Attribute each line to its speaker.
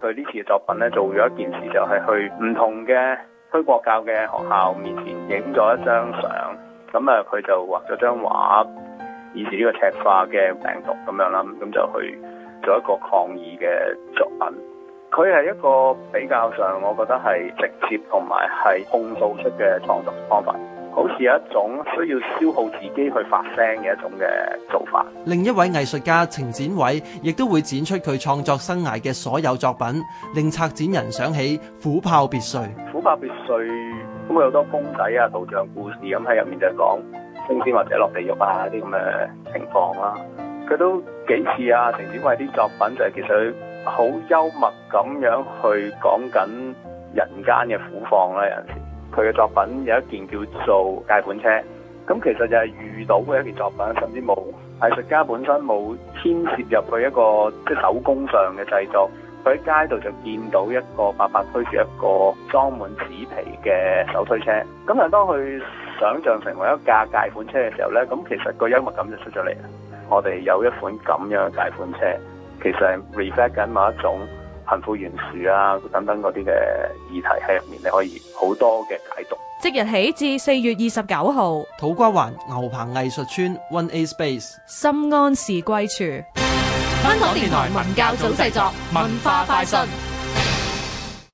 Speaker 1: 佢呢次嘅作品咧，做咗一件事就係去唔同嘅推國教嘅學校面前影咗一張相，咁啊佢就畫咗張畫，以示呢個赤化嘅病毒咁樣啦，咁就去做一個抗議嘅作品。佢係一個比較上，我覺得係直接同埋係控訴式嘅創作方法。好似係一種需要消耗自己去發聲嘅一種嘅做法。
Speaker 2: 另一位藝術家程展偉亦都會展出佢創作生涯嘅所有作品，令策展人想起《虎豹別墅》。
Speaker 1: 《虎豹別墅》咁佢有好多公仔啊、道像故事咁喺入面就係講升天或者落地獄啊啲咁嘅情況啦。佢都幾次啊，程展偉啲作品就係其實佢好幽默咁樣去講緊人間嘅苦況啦。有陣時。佢嘅作品有一件叫做介款車，咁其實就係遇到嘅一件作品，甚至冇，藝術家本身冇牽涉入去一個即係手工上嘅製作。佢喺街度就見到一個伯伯推住一個裝滿紙皮嘅手推車，咁但當佢想象成為一架介款車嘅時候咧，咁其實個幽默感就出咗嚟。我哋有一款咁樣嘅介款車，其實係 reflect 緊某一種。貧富懸殊啊，等等嗰啲嘅議題喺入面，你可以好多嘅解讀。
Speaker 2: 即日起至四月二十九號，土瓜灣牛棚藝術村 1a Space，心安是歸處。香港電台文教組製作，文化快訊。